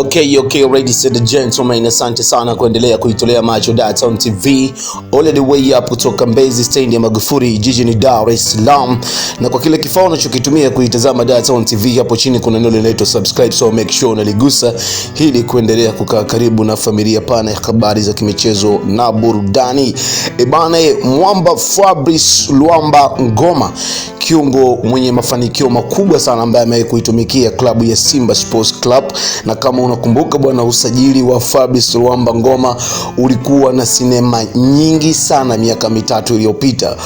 Okay, okay, ladies and gentlemen, asante sana kuendelea kuitolea macho Dar Town TV all the way up kutoka Mbezi stendi ya Magufuli jijini Dar es Salaam, na kwa kile kifaa unachokitumia kuitazama Dar Town TV, hapo chini kuna neno linaloitwa subscribe, so make sure unaligusa ili kuendelea kukaa karibu na familia pana ya habari za kimichezo na burudani. Ebana, mwamba Fabrice Luamba Ngoma, kiungo mwenye mafanikio makubwa sana ambaye amewahi kuitumikia klabu ya Simba Sports Club na kama unakumbuka bwana, usajili wa Fabrice Ruamba Ngoma ulikuwa na sinema nyingi sana miaka mitatu iliyopita.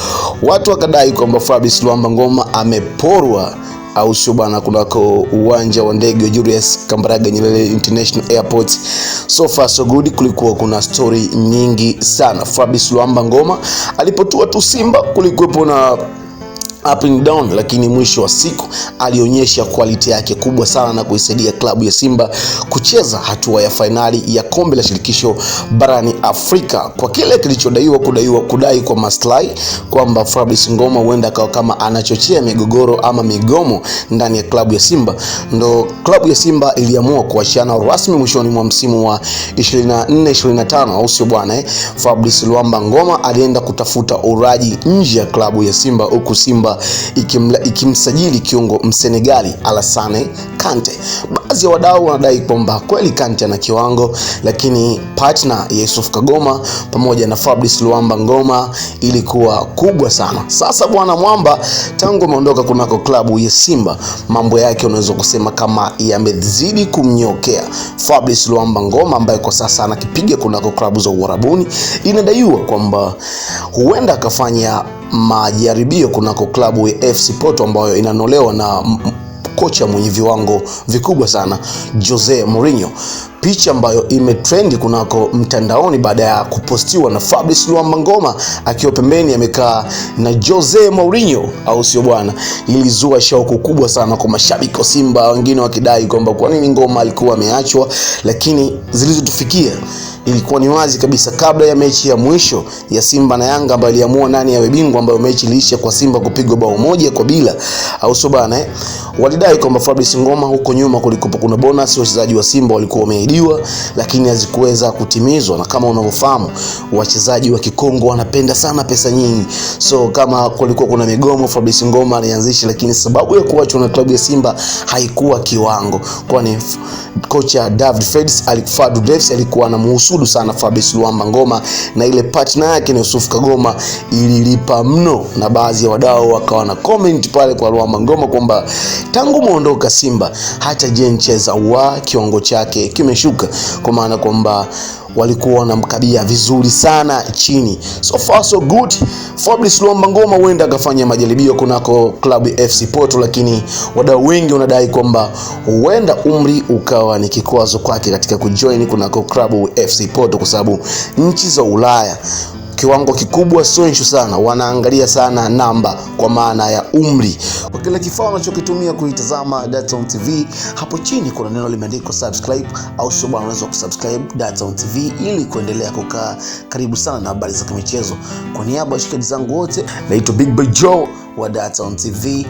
Watu wakadai kwamba Fabrice Ruamba Ngoma ameporwa au sio bana, kunako uwanja wa ndege wa Julius Kambarage Nyerere International Airport. So far so good, kulikuwa kuna stori nyingi sana. Fabrice Ruamba Ngoma alipotua tu Simba kulikuwepo na up and down, lakini mwisho wa siku alionyesha quality yake kubwa sana na kuisaidia klabu ya Simba kucheza hatua ya fainali ya kombe la shirikisho barani Afrika kwa kile kilichodaiwa kudaiwa kudai kwa maslahi kwamba Fabrice Ngoma huenda akawa kama anachochea migogoro ama migomo ndani ya klabu ya Simba, ndo klabu ya Simba iliamua kuachana rasmi mwishoni mwa msimu wa 24 25, au sio bwana eh? Fabrice Luamba Ngoma alienda kutafuta uraji nje ya klabu ya Simba huku Simba ikimsajili iki kiungo Msenegali Alassane Kante. Baadhi ya wadau wanadai kwamba kweli Kante ana kiwango, lakini partner Yusuf Kagoma pamoja na Fabrice Luamba Ngoma ilikuwa kubwa sana. Sasa bwana Mwamba tangu ameondoka kunako klabu ya Simba, mambo yake unaweza kusema kama yamezidi kumnyokea. Fabrice Luamba Ngoma ambaye kwa sasa anakipiga kunako klabu za Uarabuni, inadaiwa kwamba huenda akafanya majaribio kunako klabu ya FC Porto ambayo inanolewa na kocha mwenye viwango vikubwa sana Jose Mourinho picha ambayo imetrendi kunako mtandaoni baada ya kupostiwa na Fabrice Luamba Ngoma akiwa pembeni amekaa na Jose Mourinho, au sio bwana? Ilizua shauku kubwa sana kwa mashabiki wa Simba, wengine wakidai kwamba kwa nini Ngoma alikuwa ameachwa, lakini zilizotufikia ilikuwa ni wazi kabisa kabla ya mechi ya mwisho ya Simba na Yanga ambayo iliamua nani awe bingwa, ambayo mechi iliisha kwa Simba kupigwa bao moja kwa bila, au sio bwana eh? Walidai kwamba Fabrice Ngoma, huko nyuma kulikuwa kuna bonus wachezaji wa Simba walikuwa wameahidi ziliahidiwa lakini hazikuweza kutimizwa, na kama unavyofahamu wachezaji wa Kikongo wanapenda sana pesa nyingi, so kama kulikuwa kuna migomo Fabrice Ngoma alianzisha, lakini sababu ya kuachwa na klabu ya Simba haikuwa kiwango, kwani kocha David Fredis Fadu Davis alikuwa anamuhusudu sana Fabrice Luamba Ngoma na ile partner yake ni Yusuf Kagoma ililipa mno, na baadhi ya wadau wakawa na comment pale kwa Luamba Ngoma kwamba tangu muondoka Simba hata je, ncheza wa kiwango chake kimesh kushuka, kwa maana kwamba walikuwa wanamkabia vizuri sana chini. So far so good. Fabrice Luamba Ngoma huenda akafanya majaribio kunako klabu FC Porto, lakini wadau wengi wanadai kwamba huenda umri ukawa ni kikwazo kwake katika kujoin kunako klabu FC Porto, kwa sababu nchi za Ulaya kiwango kikubwa sio ishu sana, wanaangalia sana namba kwa maana ya umri. Kwa kile kifaa unachokitumia kuitazama Datone TV, hapo chini kuna neno limeandikwa subscribe, au sio bwana? Unaweza kusubscribe Datone TV ili kuendelea kukaa karibu sana na habari za kimichezo. Kwa niaba ya washikaji zangu wote, naitwa Big Boy Joe wa Datone TV.